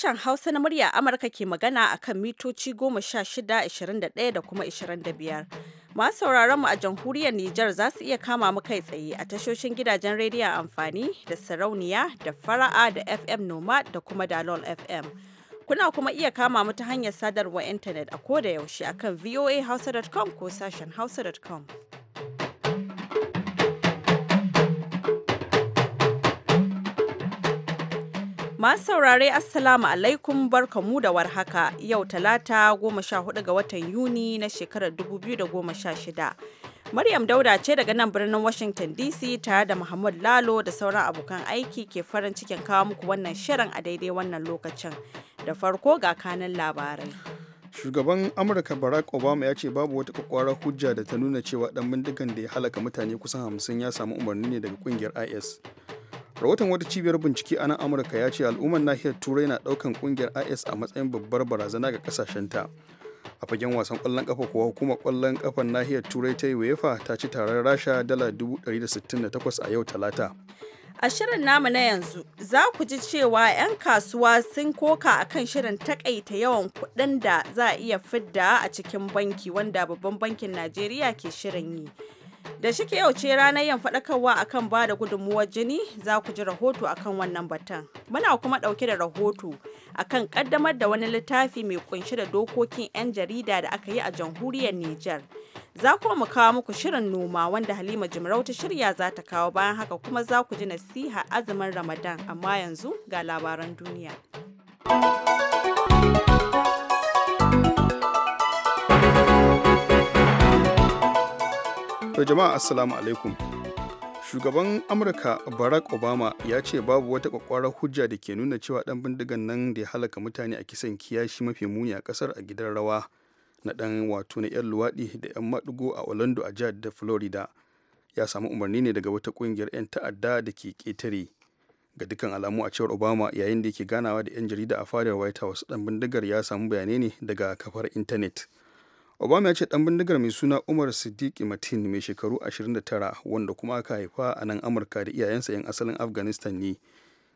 sashen Hausa na murya Amurka ke magana a kan mitoci 1621 da kuma 25. Masu sauraron mu a jamhuriyar Nijar za su iya kama mu kai tsaye a tashoshin gidajen rediyon amfani da sarauniya da fara'a da FM Noma da kuma Dalol FM. Kuna kuma iya kama mu ta hanyar sadarwa intanet a koda yaushe akan voahausa.com ko sashen hausa.com. Masu saurare Assalamu alaikum barkamu da warhaka yau talata 14 ga watan Yuni na shekarar 2016. Maryam Dauda ce daga nan birnin Washington DC tare da Muhammad Lalo da sauran abokan aiki ke farin cikin kawo muku wannan shirin a daidai wannan lokacin. Da farko ga kanan labarai. Shugaban Amurka Barack Obama ya ce babu wata kwakwarar hujja da ta nuna cewa ɗan bindigan da ya halaka mutane kusan hamsin ya samu umarni ne daga kungiyar IS. rahoton wata cibiyar bincike a nan amurka ya ce al'ummar nahiyar turai na daukan kungiyar is a matsayin babbar barazana ga kasashenta a fagen wasan kwallon kafa kuwa hukumar kwallon kafan nahiyar turai ta yi wefa ta ci taron rasha dala 168 a yau talata a shirin namu na yanzu za ku ji cewa 'yan kasuwa sun koka a kan shirin takaita yawan kuɗin da za a iya fidda a cikin banki wanda babban bankin najeriya ke shirin yi Da shike yau ce ranar yin faɗakarwa akan ba da gudunmuwar jini za ku ji rahoto akan wannan batun. Muna kuma ɗauke da rahoto akan ƙaddamar da wani littafi mai ƙunshi da dokokin 'yan jarida da aka yi a jamhuriyar Nijar. Za kuma mu kawo muku shirin noma wanda Halima Jimarau ta shirya za ta kawo bayan haka kuma za ku ji nasiha azumin Ramadan amma yanzu ga labaran duniya. To jama'a assalamu alaikum. Shugaban Amurka Barack Obama ya ce babu wata kwakwarar hujja da ke nuna cewa dan bindigan nan da ya halaka mutane a kisan kiyashi mafi muni a kasar a gidan rawa na dan wato na 'yan luwaɗi da 'yan madugo a Orlando a jihar da Florida. Ya samu umarni ne daga wata ƙungiyar 'yan ta'adda da ke ketare Ga dukkan alamu a cewar Obama yayin da yake ganawa da 'yan jarida a fadar White House dan bindigar ya samu bayanai ne daga kafar intanet. obama ya ce dan bindigar mai suna umar siddiqi matin mai shekaru 29 wanda kuma aka haifa a nan amurka da iyayensa 'yan asalin afghanistan ne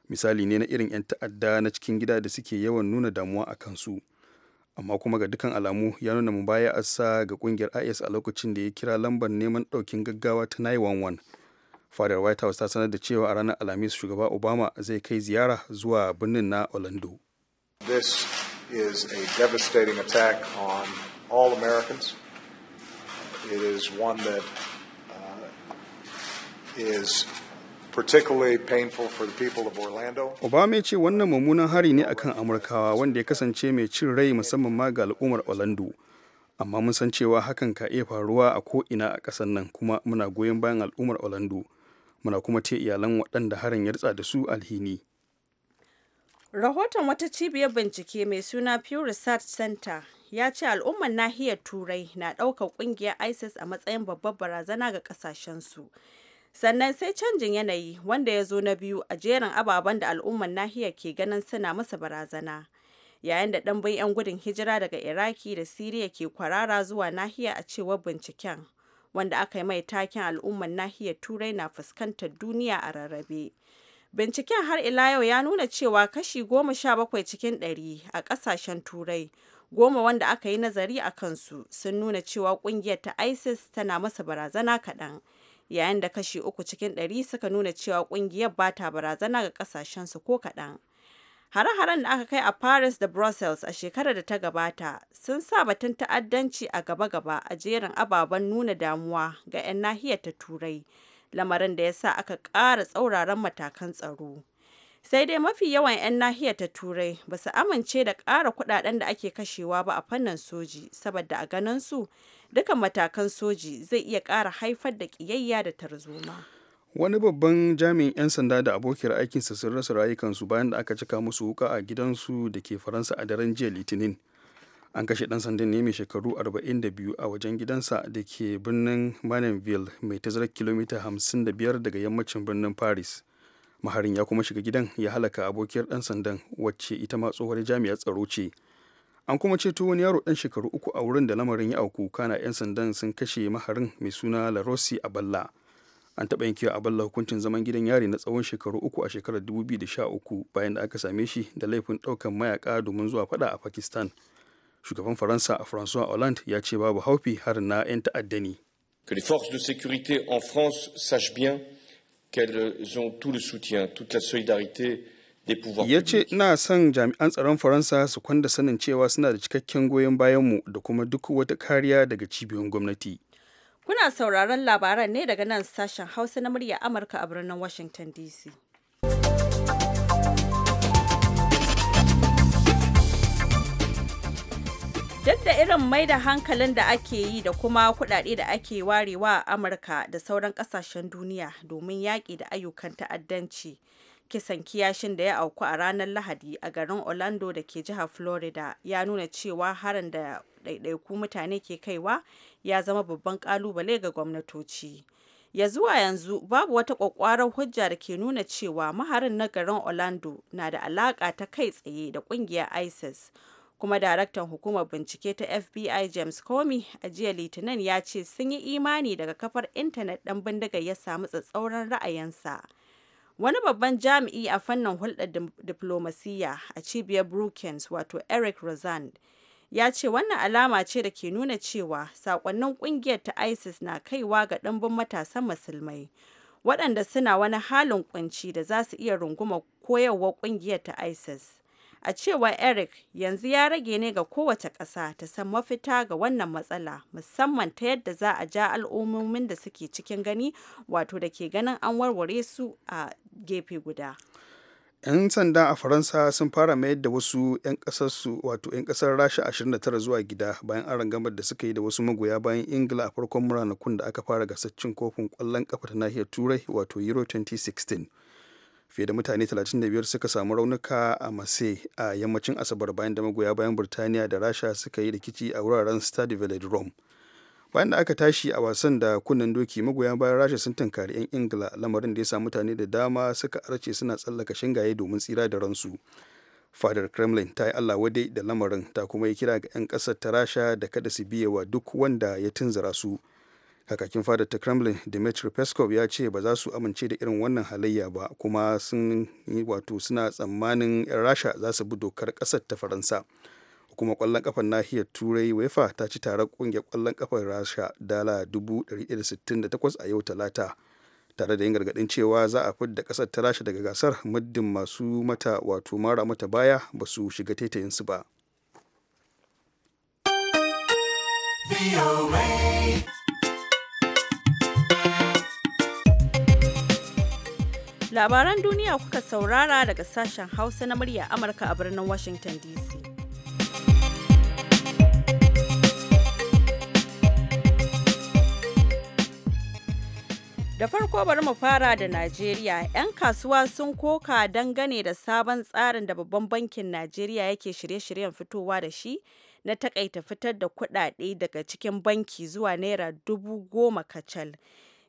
misali ne na irin 'yan ta'adda na cikin gida da suke yawan nuna damuwa a kansu amma kuma ga dukkan alamu ya nuna mu baya asa ga kungiyar is a lokacin da ya kira lambar neman daukin gaggawa ta 911 fadar white house ta sanar da cewa a ranar alhamis shugaba obama zai kai ziyara zuwa birnin na orlando this is a devastating attack on all Americans. It is one that uh, is particularly painful for the people of Orlando. Obama ya ce wannan mummunan hari ne akan Amurkawa wanda ya kasance mai cin rai musamman ma ga al'ummar Orlando. Amma mun san cewa hakan ka iya faruwa a ko'ina a ƙasar nan kuma muna goyon bayan al'ummar Orlando. Muna kuma ce iyalan waɗanda harin ya da su alhini. Rahoton wata cibiyar bincike mai suna Pew Research Center ya ce al'ummar nahiyar Turai na ɗaukar ƙungiyar ISIS a matsayin babbar barazana ga ƙasashensu. Sannan sai canjin yanayi wanda ya zo na biyu a jerin ababen da al'ummar nahiyar ke ganin suna masa barazana. Yayin da ɗanbin 'yan gudun hijira daga Iraki da Siriya ke kwarara zuwa nahiya a cewar binciken. wanda aka yi mai taken al'ummar nahiyar turai na fuskantar duniya a rarrabe Binciken har ila yau ya nuna cewa kashi goma sha bakwai cikin ɗari a ƙasashen Turai, goma wanda aka yi nazari a kansu sun nuna cewa ƙungiyar ta ISIS tana masa barazana kaɗan, yayin da kashi uku cikin ɗari suka nuna cewa ƙungiyar ba ta barazana ga ƙasashensu ko kaɗan. Hare-haren da aka kai a Paris da Brussels a shekarar da ta gabata sun sa batun ta'addanci a gaba-gaba a jerin ababen nuna damuwa ga 'yan nahiyar ta Turai, lamarin da ya sa aka ƙara tsauraran matakan tsaro. Sai dai mafi yawan 'yan nahiyar ta Turai ba su amince da ƙara kuɗaɗen da ake kashewa ba a fannin soji, saboda a ganin su dukan matakan soji zai iya ƙara haifar da ƙiyayya da tarzoma. Wani babban jami'in 'yan sanda da abokiyar aikinsa sun rasa rayukansu bayan da aka cika musu wuka a gidansu da ke Faransa a daren jiya Litinin. an kashe dan sandan ne mai shekaru 42 a wajen gidansa da ke birnin manenville mai tazarar kilomita 55 daga yammacin birnin paris maharin ya kuma shiga gidan ya halaka abokiyar dan sandan wacce ita ma tsohuwar jami'ar tsaro ce an kuma ceto wani yaro dan shekaru uku a wurin da lamarin ya auku kana 'yan sandan sun kashe maharin mai suna larossi a balla an taɓa yankewa a balla hukuncin zaman gidan yari na tsawon shekaru uku a shekarar 2013 bayan da aka same shi da laifin ɗaukan mayaka domin zuwa faɗa a pakistan shugaban faransa a francois hollande ya ce babu haufi har na 'yan ta'adda ne que les forces de sécurité en France sachent bien qu'elles ont tout le soutien, toute la solidarité des pouvoirs ya ce na son jami'an tsaron faransa su kwanda sanin cewa suna da cikakken goyon bayanmu da kuma duk wata kariya daga cibiyoyin gwamnati kuna sauraron labaran ne daga nan sashen hausa na murya amurka a birnin washington dc irin mai da hankalin da ake yi da kuma kuɗaɗe da ake warewa a Amurka da sauran ƙasashen duniya domin yaƙi da ayyukan ta'addanci. Kisan kiyashin da ya auku a ranar Lahadi a garin Orlando da ke jihar Florida ya nuna cewa harin da ɗaiɗaiku mutane ke kaiwa ya zama babban ƙalubale ga gwamnatoci. ya zuwa yanzu babu wata ƙwaƙwarar hujja da ke nuna cewa maharin na garin Orlando na da alaƙa ta kai tsaye da ƙungiyar ISIS kuma daraktan hukumar bincike ta fbi james comey a jiya litinin ya ce sun yi imani daga kafar intanet ɗan bindigar ya samu tsatsauran ra'ayinsa wani babban jami'i a fannin hulɗar diflomasiyya a cibiyar brookings wato eric rosand ya ce wannan alama ce da ke nuna cewa sakonnin kungiyar ta isis na kaiwa ga ɗimbin matasan musulmai waɗanda suna wani halin kunci da za su iya runguma koyarwar kungiyar ta isis A cewa Eric, yanzu ya rage ne ga kowace ƙasa ta san mafita ga wannan matsala, musamman ta yadda za a ja al'ummomin da suke cikin gani, wato da ke ganin an warware su a gefe guda. 'Yan sanda a Faransa sun fara mayar da wasu 'yan ƙasarsu wato 'yan ƙasar Rasha 29 zuwa gida bayan an rangamar da suka yi da wasu magoya bayan Ingila a farkon ranakun da aka fara gasar cin kofin ƙwallon kafa ta nahiyar Turai wato Euro 2016. fiye da mutane 35 suka samu raunuka a mase a yammacin asabar bayan da magoya bayan burtaniya da rasha suka yi rikici a wuraren stade velodrome bayan da aka tashi a wasan da kunnen doki magoya bayan rasha sun tankari 'yan ingila lamarin da ya sa mutane da dama suka arce suna tsallaka shingaye domin tsira da ransu fadar kremlin ta yi allah wadai da lamarin ta kuma yi kira ga 'yan ƙasar ta rasha da kada su biye wa duk wanda ya tunzura su kakakin fadar ta kremlin dmitry peskov ya ce ba za su amince da irin wannan halayya ba kuma sun yi wato suna tsammanin 'yan rasha za su bi dokar ƙasar ta faransa kuma kwallon kafar nahiyar turai wefa ta ci tare kungiyar kwallon kafar rasha dala 168 a yau talata tare da yin gargadin cewa za a fidda kasar ta rasha daga gasar muddin masu mata wato mara mata baya ba su shiga taitayinsu ba. Labaran duniya kuka saurara daga sashen Hausa na murya Amurka a birnin Washington DC. Da farko bari mu fara da Najeriya, 'yan kasuwa sun koka dangane da sabon tsarin da babban bankin Najeriya yake shirye-shiryen fitowa da shi na takaita fitar da kudade daga cikin banki zuwa naira dubu goma kacal.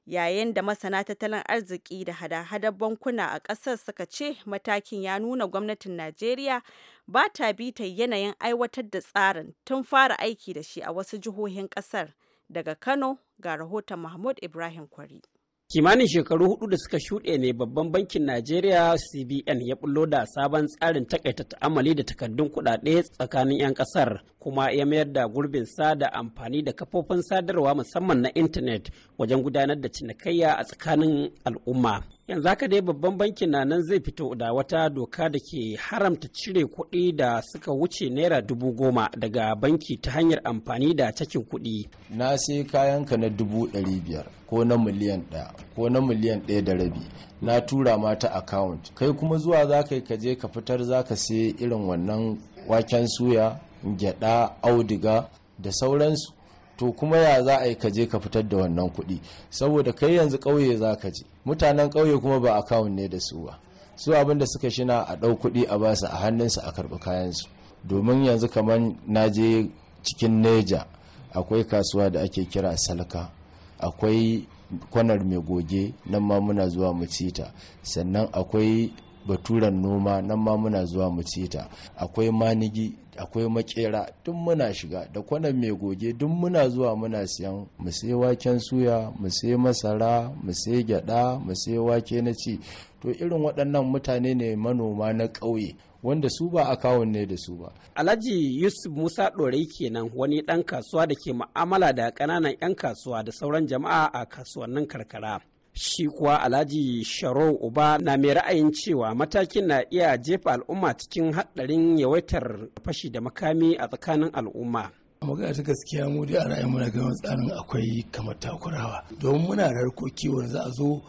yayin da masana tattalin arziki da hada-hadar bankuna a ƙasar suka ce matakin ya nuna gwamnatin najeriya ba ta bita yanayin aiwatar da tsarin tun fara aiki da shi a wasu jihohin ƙasar daga kano ga rahoton mahmud ibrahim kwari kimanin shekaru hudu da suka shuɗe ne babban bankin najeriya cbn ya bullo da sabon tsarin takaita ta'amali da takardun kuɗaɗe tsakanin 'yan ƙasar kuma ya mayar da gurbin sa da amfani da kafofin sadarwa musamman na intanet wajen gudanar da cinikayya a tsakanin al'umma yanzu haka dai babban bankin na nan zai fito da wata doka da ke haramta cire kuɗi da suka wuce naira dubu goma daga banki ta hanyar amfani da cakin kuɗi na sai kayan ka na dubu ɗari biyar ko na miliyan ɗaya ko na miliyan ɗaya da rabi na tura ma ta account kai kuma zuwa za ka yi ka je ka fitar za ka sai irin wannan waken suya gyaɗa audiga da sauransu to kuma ya za a yi kaje ka fitar da wannan kuɗi saboda kai yanzu ƙauye za ka je mutanen ƙauye kuma ba akawun ne da su ba su abin da suka shina a ɗau kuɗi a basu a hannunsu a karɓi kayansu domin yanzu kamar na je cikin neja akwai kasuwa da ake kira salka akwai kwanar mai goge nan ma muna zuwa mu cita sannan akwai baturan noma nan ma muna zuwa mu ci ta akwai manigi akwai makera tun muna shiga da kwanan mai goge duk muna zuwa muna siyan mu sai waken suya mu sai masara mu sai gyada mu sai wake na ci to irin waɗannan mutane ne manoma na ƙauye wanda su ba akawun ne da su ba. Alhaji Yusuf Musa Ɗorai kenan wani ɗan kasuwa da ke ma'amala da ƙananan 'yan kasuwa da sauran jama'a a kasuwannin karkara. shi kuwa alhaji sharo uba na mai ra'ayin cewa matakin na iya jefa al'umma cikin haɗarin yawaitar fashi da makami a tsakanin al'umma magana ta gaskiya mu dai a ra'ayin muna ganin tsarin akwai kamar takurawa domin muna rarko kiwon za'a za a zo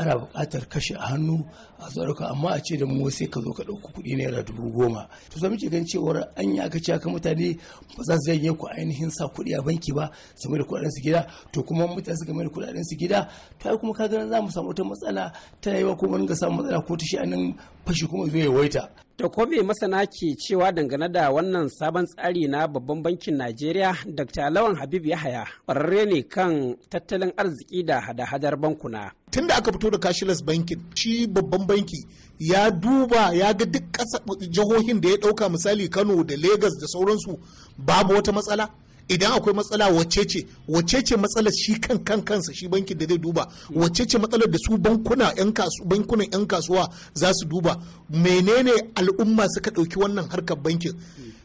ana buƙatar kashe a hannu a tsaruka amma a ce da mu sai ka zo ka ɗauki kuɗi naira dubu goma to sami muke gan cewar an yi aka ci aka mutane ba za su zage ku ainihin sa kuɗi a banki ba su mai da kuɗaɗen su gida to kuma mutane su mai da kuɗaɗen su gida to ai kuma ka ganin za mu samu wata matsala ta rayuwa ko mun ga samu matsala ko ta shi anan fashi kuma zai yawaita da kome masana ke cewa dangane da wannan sabon tsari na babban bankin najeriya dr lawan habib yahaya ƙwararre ne kan tattalin arziki da hada-hadar bankuna tun da aka fito da cashless banking shi babban banki ya duba ya ga duk ƙasa jihohin da ya ɗauka misali kano da lagos da sauransu babu wata matsala idan akwai matsala wacce ce wacce ce matsalar shi kan kan kansa shi bankin da zai duba wacce ce matsalar da su bankuna yan bankunan yan kasuwa za su duba menene al'umma suka ɗauki wannan harkar bankin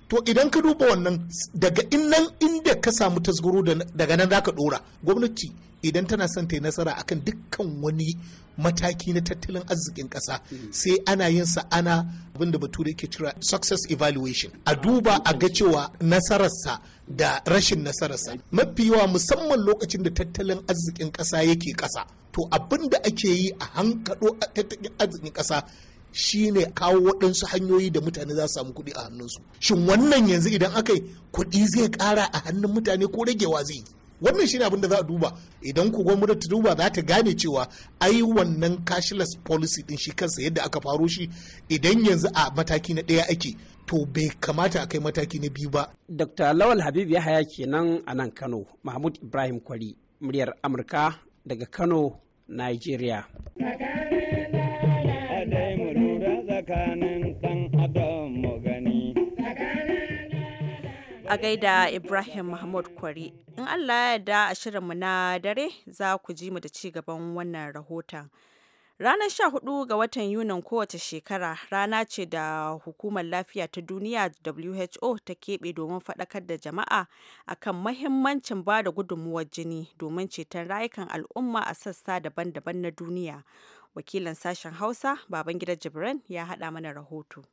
to idan ka duba wannan daga innan inda ka samu tasgaro daga nan zaka dora gwamnati idan tana son ta yi nasara akan dukkan wani mataki na tattalin arzikin ƙasa sai ana yin sa ana abin da bature ke cira success evaluation a duba a ga cewa nasararsa da rashin nasararsa mafi yawa musamman lokacin da tattalin arzikin ƙasa yake kasa to abin da ake yi a hankalo tattalin arzikin kasa shine kawo waɗansu hanyoyi da mutane za su samu kuɗi a hannunsu shin wannan yanzu idan aka yi kuɗi zai ƙara a hannun mutane ko ragewa zai yi wannan shine abin da za a duba idan ku gwamnati ta duba za ta gane cewa ai wannan cashless policy din shi kansa yadda aka faro shi idan yanzu a mataki na ɗaya ake to bai kamata a kai mataki na biyu ba. Dr. Lawal Habib Yahaya kenan a nan Kano, Mahmud Ibrahim Kwari, muryar Amurka daga Kano, Nigeria. a gaida Ibrahim Mahmud Kwari. In Allah ya da a shirinmu na dare za ku ji mu da ci gaban wannan rahoton. Ranar 14 ga watan Yunan kowace shekara rana ce da Hukumar Lafiya ta Duniya WHO ta keɓe domin faɗakar da jama'a akan mahimmancin ba da gudunmuwar jini domin ceton rayukan al'umma a sassa daban-daban na duniya. Wakilan sashen Hausa, Babangida Jibran, ya haɗa mana rahoto.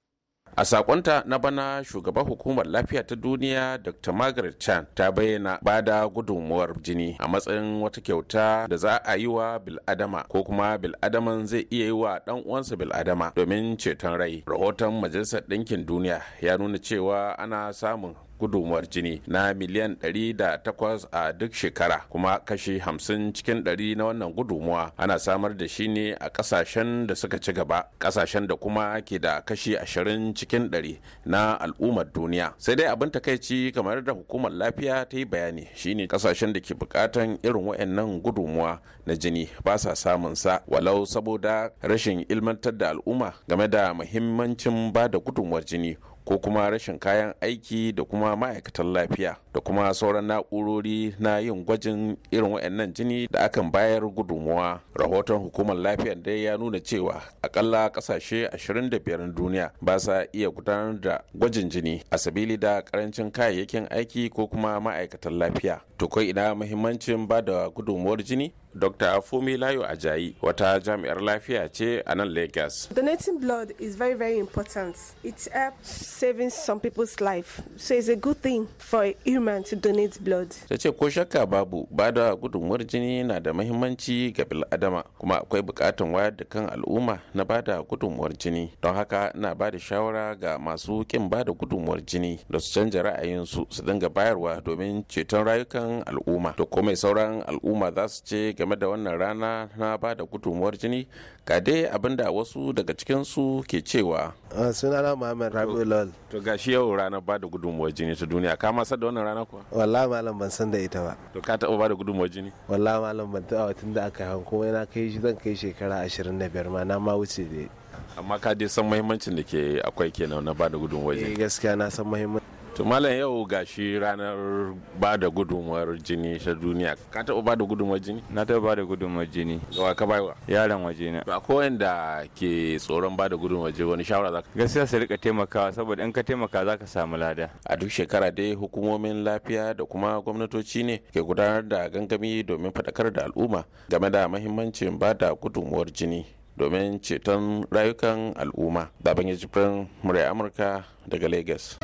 a sakonta na bana shugaban hukumar lafiya ta duniya dr margaret chan ta bayyana ba da gudunmuwar jini a matsayin wata kyauta da za a yi wa biladama ko kuma biladaman zai iya yi wa dan uwansa biladama domin ceton rai rahoton majalisar ɗinkin duniya ya nuna cewa ana samun gudumar jini na miliyan 108 a duk shekara kuma kashi 50 cikin 100 na wannan gudumawa ana samar da shi ne a kasashen da suka ci gaba kasashen da kuma ke da kashi 20 cikin 100 na al'ummar duniya sai dai abin takaici kamar da hukumar lafiya ta yi bayani shine kasashen da ke bukatan irin wayannan gudumawa na jini ba sa samun sa walau saboda rashin ilmantar da al'umma game da muhimmancin ba da gudumar jini ko kuma rashin kayan aiki da kuma ma'aikatan lafiya da kuma sauran na'urori na yin gwajin irin waɗannan jini da akan bayar gudunmuwa rahoton hukumar lafiyar dai ya nuna cewa akalla ƙasashe 25 duniya ba sa iya gudanar da gwajin jini a sabili da karancin kayayyakin aiki ko kuma ma'aikatan lafiya to kai ina muhimmancin ba da gudunmuwar jini Dr. Fumilayo Ajayi wata jami'ar lafiya ce a nan Lagos. Donating blood is very very important. It helps saving some people's life. So it's a good thing for a human to donate blood. Ta ce ko shakka babu ba da gudunmuwar jini na da mahimmanci ga bil'adama kuma akwai bukatun wayar da kan al'umma na ba da gudunmuwar jini. Don haka na ba da shawara ga masu kin ba da gudunmuwar jini da su canja ra'ayinsu su dinga bayarwa domin ceton rayukan al'umma. To komai sauran al'umma za su ce game da wannan rana na ba da gudunmuwar jini ga dai abin da wasu daga cikinsu ke cewa ah, na muhammad rabi'u lal to ga shi yau ranar ba da gudunmuwar jini ta duniya ka masar da wannan rana kuwa wallahi malam ban san da ita ba to ka taɓa ba da gudunmuwar jini wallahi malam ban taɓa tun da aka hawan kuma yana kai shi zan kai shekara 25 ma na ma wuce da amma ka dai san muhimmancin da ke akwai kenan na ba da gudunmuwar jini eh, gaskiya na san muhimmancin to malam yau gashi ranar ba da gudunmuwar jini ta duniya ka taɓa ba da gudunmuwar jini na taɓa ba da gudunmuwar jini wa ka bai wa yaran waje na Ba ko wanda ke tsoron ba da gudunmuwar jini wani shawara zaka gaskiya su rika taimakawa saboda in ka taimaka zaka samu lada a duk shekara dai hukumomin lafiya da kuma gwamnatoci ne ke gudanar da gangami domin faɗakar da al'umma game da mahimmancin ba da gudunmuwar jini domin ceton rayukan al'umma da ban yi jibrin murai amurka daga lagos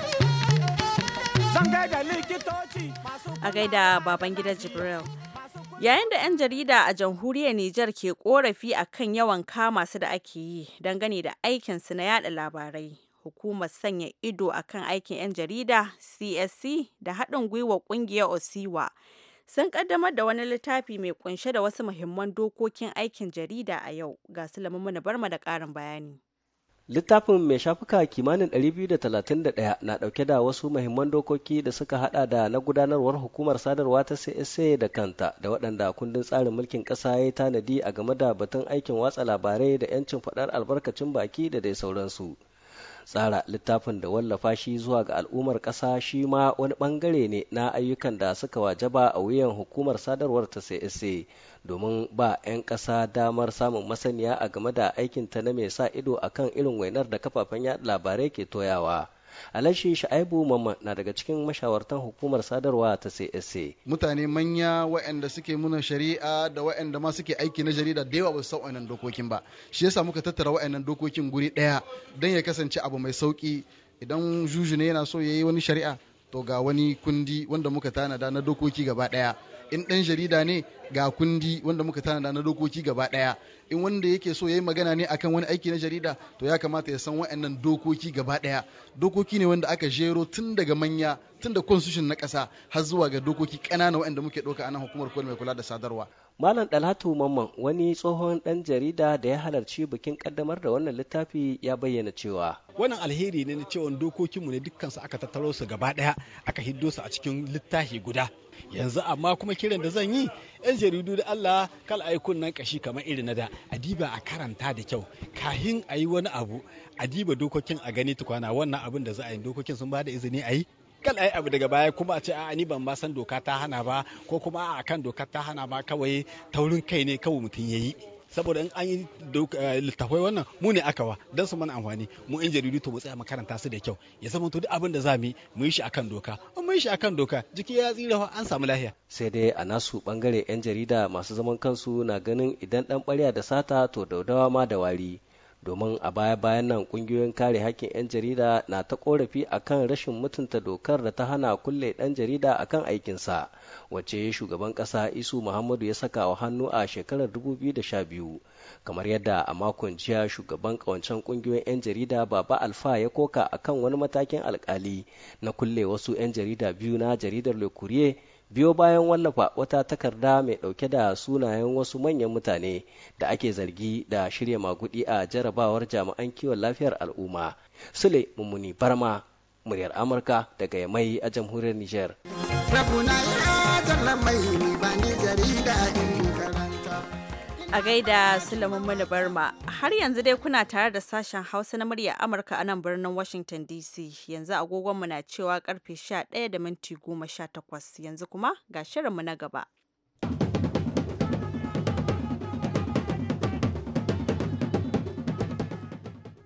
A gaida baban gidan Jibril. Yayin da 'yan jarida a jamhuriyar Nijar ke korafi a kan yawan kama su da ake yi gani da aikinsu na yada labarai, hukumar sanya ido a kan aikin 'yan jarida CSC da haɗin gwiwa ƙungiyar Osiwa sun ƙaddamar da wani littafi mai kunshe da wasu muhimman dokokin aikin jarida a yau ga su bar barma da ƙarin bayani. Littafin mai shafuka kimanin 231 na ɗauke da wasu muhimman dokoki da suka hada da na gudanarwar hukumar sadarwa ta CSA da kanta da waɗanda kundin tsarin mulkin ƙasa ya tanadi a game da batun aikin watsa labarai da 'yancin faɗar albarkacin baki da dai sauransu. Tsara littafin da wallafa shi zuwa ga al'ummar ƙasa shi ma wani ɓangare ne na ayyukan da suka wajaba a wuyan hukumar sadarwar ta CSA domin ba 'yan ƙasa damar samun masaniya a game da aikinta na mai sa ido a kan irin wainar da kafafen yaɗa labarai ke toyawa. Alashi Sha'aibu Mamman na daga cikin mashawartan hukumar sadarwa ta CSA. Mutane manya waɗanda suke muna shari'a da waɗanda ma suke aiki na jarida da yawa ba su san dokokin ba. Shi yasa muka tattara waɗannan dokokin guri ɗaya don ya kasance abu mai sauki idan juju ne yana so ya yi wani shari'a to ga wani kundi wanda muka tanada na dokoki gaba ɗaya. in ɗan jarida ne ga kundi wanda muka tanada na dokoki gaba ɗaya in wanda yake so ya yi magana ne akan wani aiki na jarida to ya kamata ya san wa'annan dokoki gaba ɗaya dokoki ne wanda aka jero tun daga manya tun da constitution na ƙasa har zuwa ga dokoki ƙanana wa'anda muke ɗauka a nan hukumar kula mai kula da sadarwa Malam Dalhatu Mamman wani tsohon ɗan jarida da ya halarci bikin ƙaddamar da wannan littafi ya bayyana cewa. Wannan alheri ne na cewa dokokinmu ne dukkansu aka tattaro su gaba ɗaya aka hiddo su a cikin littafi guda yanzu amma kuma kiran da zan yi yan jaridu da Allah kal ayi kunnan kashi kamar irin na da adiba a karanta da kyau kahin ayi wani abu adiba dokokin a gani tukwana wannan abin da za a yi dokokin sun ba da izini ayi kan ai abu daga baya kuma a ce a ni ban ma san doka ta hana ba ko kuma a kan doka ta hana ba kawai taurin kai ne kawai mutum ya yi saboda in an yi eh, littafai wannan mu ne aka wa don su mana amfani mu in jaridu to mu tsaya makaranta su da kyau ya zama to duk abin da mu yi mu yi shi akan doka in mu yi shi akan doka jiki ya tsira an samu lahiya sai dai a nasu bangare yan jarida masu zaman kansu na ganin idan dan ɓarya da sata to daudawa ma da wari domin a baya-bayan nan kungiyoyin kare hakkin 'yan jarida na ta korafi a kan rashin mutunta dokar da ta hana kulle ɗan jarida a kan aikinsa wacce shugaban ƙasa isu muhammadu ya saka wa hannu a shekarar 2012 kamar yadda a makon jiya shugaban ƙawancen kungiyoyin 'yan jarida baba alfa ya koka a kan wani matakin alkali na kulle wasu 'yan jarida biyu na jaridar le biyo bayan wallafa wata takarda mai ɗauke da sunayen wasu manyan mutane da ake zargi da shirya magudi a jarabawar jami'an kiwon lafiyar al'umma. Sule Mummuni Barma, muryar Amurka daga Yamai a jamhuriyar Nijar. na ya mai ba ni jarida A gaida Sulaiman Mani Barma, har yanzu dai kuna tare da sashen Hausa na murya Amurka a nan birnin Washington DC. Yanzu agogonmu na cewa karfe 11 da minti 18 yanzu kuma ga shirinmu na gaba.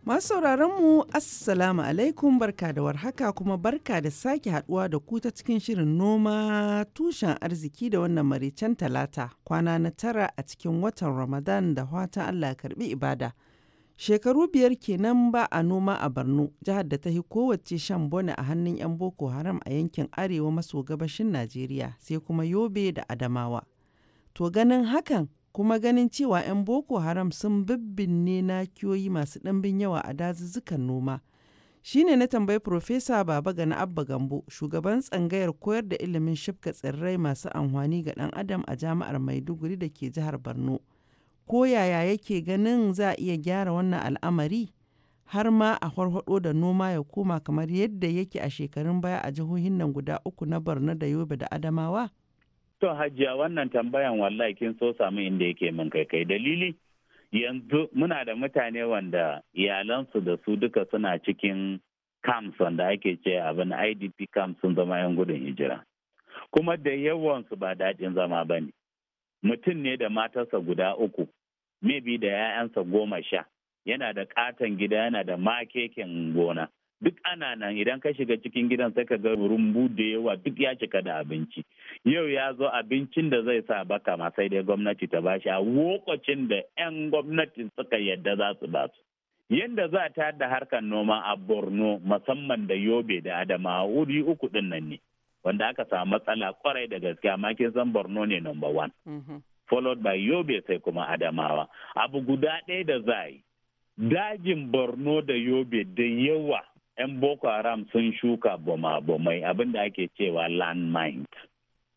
Masu mu Assalamu alaikum barka da warhaka kuma barka da sake haduwa da ku ta cikin shirin noma tushen arziki da wannan maricen talata kwana na tara a cikin watan Ramadan da watan Allah karbi ibada. Shekaru biyar kenan ba a noma a Borno, jihar da ta yi kowace shan bone a hannun 'yan Boko Haram a yankin arewa maso gabashin Najeriya sai kuma Yobe da Adamawa. To ganin hakan kuma ganin cewa 'yan Boko Haram sun bibbinne nakiyoyi masu ɗanbin yawa a dazuzzukan noma. shine na tambayi Profesa Baba Gana Abba Gambo, shugaban tsangayar koyar da ilimin shifka tsirrai masu amfani ga ɗan adam a jami'ar Maiduguri da ke jihar Borno. Ko yaya yake ganin za a iya gyara wannan al'amari? Har ma a farfaɗo da noma ya koma kamar yadda yake a shekarun baya a jihohin nan guda uku na Borno da Yobe da Adamawa? To hajiya wannan tambayan wallahi kin so samu inda yake min kai kai dalili yanzu muna da mutane wanda iyalansu da su duka suna cikin camps wanda ake ce abin IDP camps sun zama yan gudun hijira. Kuma da yawansu ba daɗin zama ba ne. Mutum ne da matarsa guda uku, maybe da 'ya'yansa goma sha, yana da katon gida yana da makekin gona. duk ana nan idan ka shiga cikin gidan sai ka ga rumbu da yawa duk ya cika da abinci yau ya zo abincin da zai sa baka ma sai dai gwamnati ta bashi a lokacin da 'yan gwamnati suka yadda za su ba su yadda za ta da harkar noma a borno musamman da yobe da adamawa wuri uku din nan ne wanda aka samu matsala kwarai da gaske amma kin san borno ne number one mm-hmm. followed by yobe sai kuma adamawa abu guda ɗaya da za dajin borno da yobe da yawa 'yan boko haram sun shuka bama-bamai abinda ake cewa landmines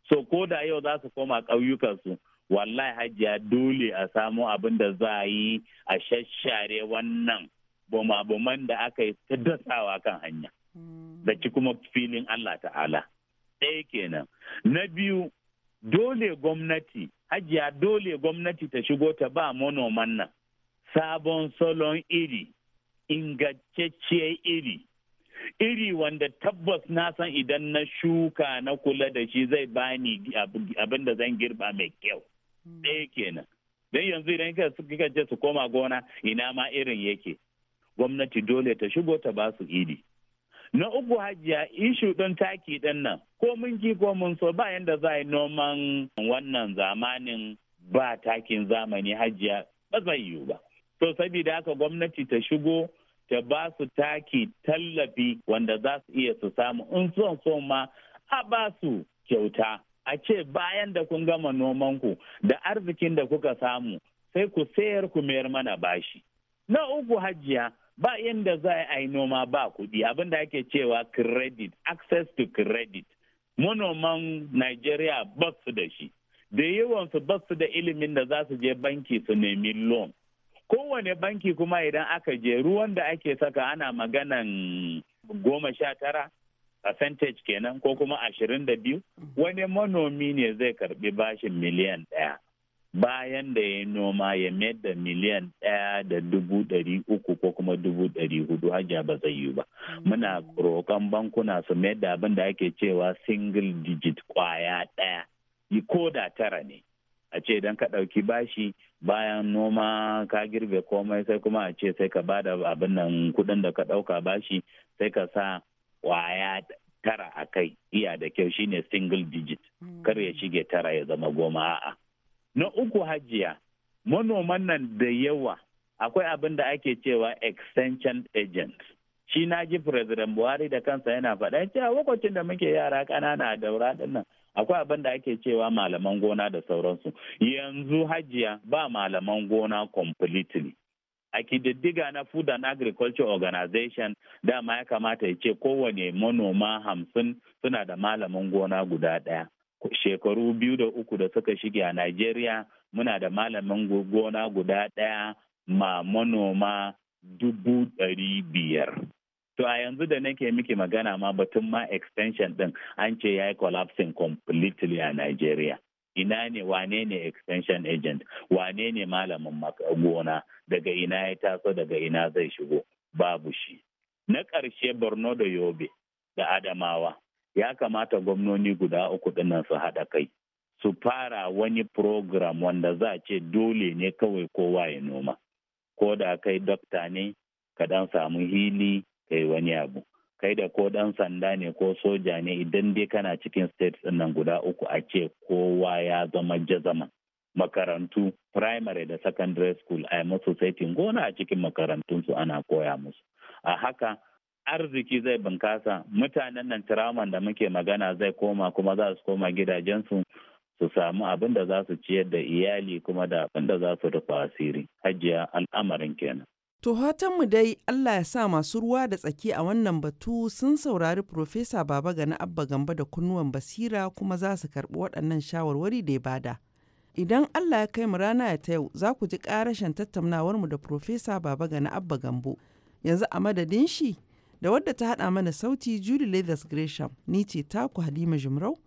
so ko da yau za su koma ƙauyukansu wallahi hajiya dole a samo abin za a yi a shashare wannan bama-baman da aka yi ta dasawa kan hanya da ci kuma filin allah ta'ala ɗaya kenan na biyu dole gwamnati hajiya dole gwamnati ta shigo ta ba manoman nan sabon salon iri ingantacciyar iri iri wanda tabbas na san idan na shuka na kula da shi zai bani abin da zan girba mai kyau hmm. ɗaya kenan don yanzu idan kika ce su koma gona ina ma irin yake gwamnati dole ta shigo ta ba su iri na uku hajiya ishu ɗin taki ɗin nan ko mun ki ko mun so ba yanda za a yi noman wannan zamanin ba takin zamani hajiya ba zai yiwu ba So sabida haka gwamnati ta shigo ta ba su taki tallafi wanda za su iya su samu in son so ma a ba su kyauta a ce bayan da kun gama nomanku da arzikin da kuka samu sai ku sayar ku mayar mana bashi. Na uku hajjiya ba yadda za a yi noma ba kuɗi abin da ake cewa credit access to credit manoman nigeria ba su da shi da yawansu ba su da ilimin da za su je banki su nemi loan kowane banki kuma idan aka je ruwan da ake saka ana maganan goma sha tara percentage kenan ko kuma ashirin da biyu wani manomi ne zai karbi bashin miliyan daya bayan da ya noma ya mayar da miliyan daya da dubu dari uku ko kuma dubu dari hudu hajja ba zai yi ba muna roƙon bankuna su mayar da abin da ake cewa single digit kwaya ɗaya ko da tara ne a ce idan ka ɗauki bashi bayan noma ka girbe komai sai kuma a ce sai ka ba da abin nan kuɗin da ka ɗauka bashi sai ka sa waya tara a kai iya da kyau shine single digit hmm. kar ya shige tara ya zama goma a'a na uku hajiya manoman nan da yawa akwai abin da ake cewa extension agent shi na ji president buhari da kansa yana faɗa cewa lokacin da muke yara ƙanana a daura ɗin akwai abin da ake cewa malaman gona da sauransu yanzu hajiya ba malaman gona completely a kididdiga na food and agriculture organization dama ya kamata ya ce kowane manoma hamsin suna da malaman gona guda ɗaya shekaru biyu da uku da suka shige a nigeria muna da malaman gona guda ɗaya ma manoma dubu ɗari biyar To a yanzu da nake miki magana ma batun ma extension din an ce ya yi collapsing completely a Nigeria. Ina ne wane ne extension agent, wane ne malamin gona daga ina ya taso daga ina zai shigo babu shi. Na ƙarshe Borno da Yobe da Adamawa ya kamata gwamnoni guda uku dinnan su haɗa kai. Su fara wani program wanda za a ce dole ne kawai kowa ya noma. Ko da kai dokta ne, ka dan samu hili kai wani abu kai da ko dan sanda ne ko soja ne idan dai kana cikin states nan guda uku a ce kowa ya zama jazaman makarantu primary da secondary school a musu saitin gona a cikin makarantunsu ana koya musu a haka arziki zai bunkasa mutanen nan tiraman da muke magana zai koma kuma za su koma gidajensu su samu abin da za su ciyar da iyali kuma da abin da za su rufa asiri hajiya al'amarin kenan To mu dai Allah ya sa masu ruwa da tsaki a wannan batu sun saurari Profesa Baba Gani Abba Gamba da kunnuwan basira kuma za su karɓi waɗannan shawarwari da ya bada. Idan Allah ya kai mu rana ya ta yau za ku ji ƙarashin mu da Profesa Baba Gani Abba Gambo. Yanzu a madadin shi da wadda ta haɗa mana sauti Julie Leathers Gresham ni ce taku Halima jimrau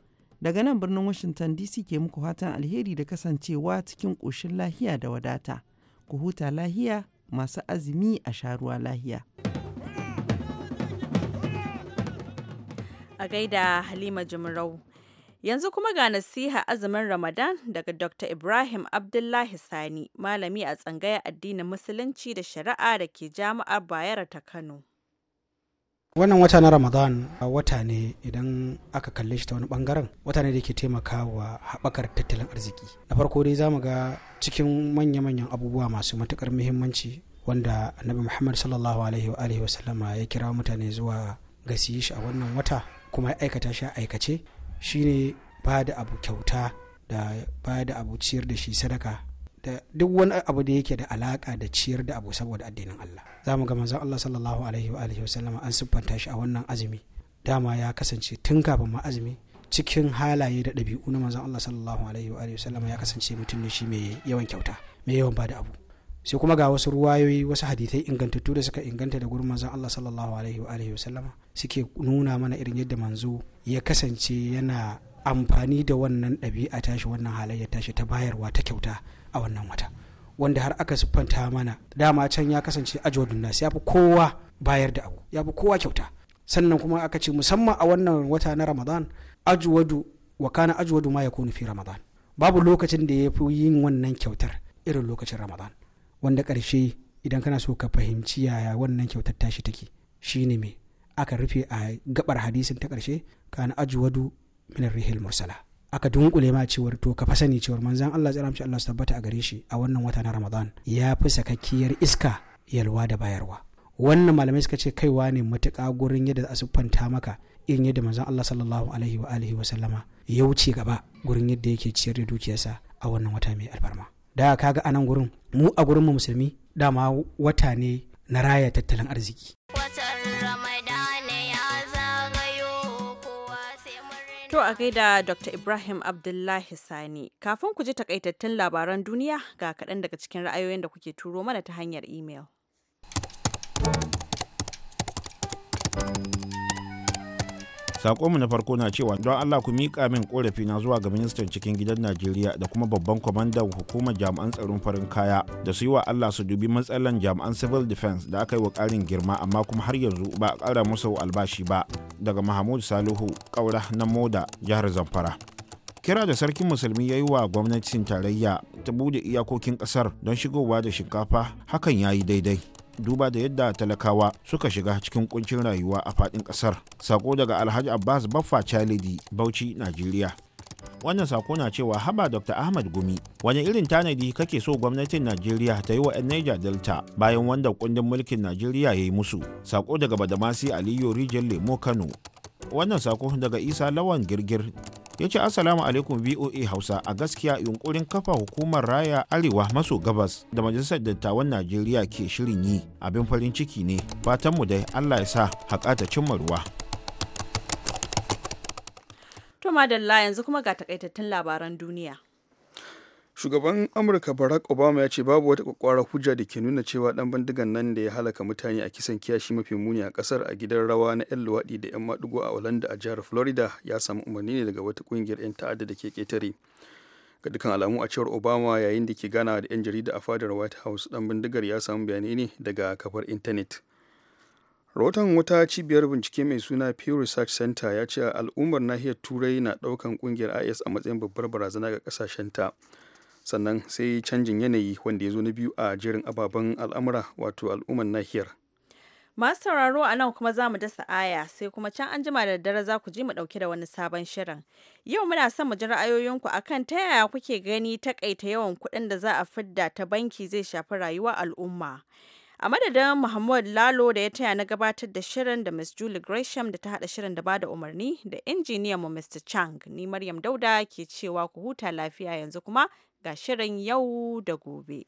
daga nan birnin Washington DC ke muku fatan alheri da kasancewa cikin ƙoshin lahiya da wadata. Ku huta lahiya masu azumi a sharuwa lahiya. A gaida Halima Jumrau. Yanzu kuma ga nasiha azumin Ramadan daga Dr. Ibrahim Abdullahi Sani, malami a tsangayar addinin Musulunci da Shari'a da ke Jami'ar Bayero ta Kano. wannan wata na ramadan wata ne idan aka kalle shi ta wani bangaren wata ne da ke wa haɓakar tattalin arziki na farko dai zamu ga cikin manya-manyan abubuwa masu matukar muhimmanci wanda annabi muhammad sallallahu alaihi wa sallama ya kira mutane zuwa ga shi a wannan wata kuma ya aikata shi a aikace shine ba da abu kyauta da ba da abu ciyar da shi sadaka da duk wani abu da yake da alaka da ciyar da abu saboda addinin Allah za mu ga manzon Allah sallallahu alaihi wa alihi wasallam an siffanta shi a wannan azumi dama ya kasance tun kafin ma azumi cikin halaye da ɗabi'u na manzon Allah sallallahu alaihi wa alihi wasallam ya kasance mutum ne shi mai yawan kyauta mai yawan bada abu sai kuma ga wasu ruwayoyi wasu hadithai ingantattu da suka inganta da gurin manzon Allah sallallahu alaihi wa alihi wasallam suke nuna mana irin yadda manzo ya kasance yana amfani da wannan ɗabi'a tashi wannan halayya tashi ta bayarwa ta kyauta a wannan wata wanda har aka siffanta mana dama can ya kasance ajiwadun nasu ya fi kowa bayar da abu ya fi kowa kyauta sannan kuma aka ce musamman a wannan wata na ramadan ajwadu wa kana ajwadu ma ya yakunu fi ramadan babu lokacin da ya fi yin wannan kyautar irin lokacin ramadan wanda karshe idan kana so ka fahimci yaya wannan kyautar tashi take shine me aka rufe a gabar hadisin ta karshe kana ajwadu min rihil mursala aka dunkule ma cewar to ka fasani cewar manzan Allah tsira mishi Allah su tabbata a gare shi a wannan wata na Ramadan ya fi sakakkiyar iska yalwa da bayarwa wannan malamai suka ce kaiwa ne matuƙa gurin yadda a siffanta maka irin yadda manzan Allah sallallahu alaihi wa alihi wa sallama ya wuce gaba gurin yadda yake ciyar da dukiyarsa a wannan wata mai alfarma da kaga anan gurin mu a gurin mu musulmi dama wata ne na raya tattalin arziki To a gaida Dr. Ibrahim Abdullahi Sani. Kafin ku ji takaitattun labaran duniya ga kaɗan daga cikin ra'ayoyin da kuke turo mana ta hanyar imel. Sakonmu na farko na cewa don Allah ku miƙa min korafi na zuwa ga ministan cikin gidan Najeriya da kuma babban kwamandan hukumar jami'an tsaron farin kaya da su yi wa Allah su dubi matsalan jami'an civil defense da aka yi wa ƙarin girma amma kuma har yanzu ba a ƙara musu albashi ba daga Mahmud Salihu ƙaura na Moda jihar Zamfara. kira da sarkin musulmi ya yi wa gwamnatin tarayya ta bude iyakokin ƙasar don shigowa da shinkafa hakan ya yi daidai duba da yadda talakawa suka shiga cikin kuncin rayuwa a faɗin ƙasar sako daga alhaji abbas baffa chalidi bauchi najeriya wannan sako na cewa haba dr ahmad gumi wani irin tanadi kake so gwamnatin najeriya ta yi wa 'yan niger delta bayan wanda kundin mulkin najeriya ya yi musu sako daga badamasi aliyu rijiyar lemo kano wannan sako daga isa lawan girgir ya ce assalamu alaikum voa hausa a gaskiya yunkurin kafa hukumar raya arewa maso gabas da majalisar dattawan najeriya ke shirin yi abin farin ciki ne fatanmu dai allah ya sa haƙa ta cimma ruwa to madalla yanzu kuma ga takaitattun labaran duniya shugaban amurka barack obama ya ce babu wata kwakwara hujja da ke nuna cewa dan bindigan nan da ya halaka mutane a kisan kiyashi mafi muni a kasar a gidan rawa na 'yan luwaɗi da 'yan maɗigo a olanda a jihar florida ya samu umarni ne daga wata kungiyar 'yan ta'adda da ke ƙetare ga dukkan alamu a cewar obama yayin da ke gana da 'yan jarida a fadar white house dan bindigar ya samu bayanai ne daga kafar intanet rahoton wata cibiyar bincike mai suna pew research center ya ce al'ummar nahiyar turai na ɗaukan kungiyar is a matsayin babbar barazana ga ta sannan sai canjin yanayi wanda ya zo na biyu a jerin ababen al'amura wato al'umman nahiyar masu sauraro a nan kuma za mu dasa aya sai kuma can an jima da daddare za ku ji mu dauke da wani sabon shirin yau muna son mu ji ra'ayoyinku akan ta yaya kuke gani takaita yawan kuɗin da za a fidda ta banki zai shafi rayuwar al'umma a madadin muhammad lalo da ya taya na gabatar da shirin da miss julie gresham da ta hada shirin da bada umarni da injiniyan mu mr chang ni maryam dauda ke cewa ku huta lafiya yanzu kuma ga shirin yau da gobe.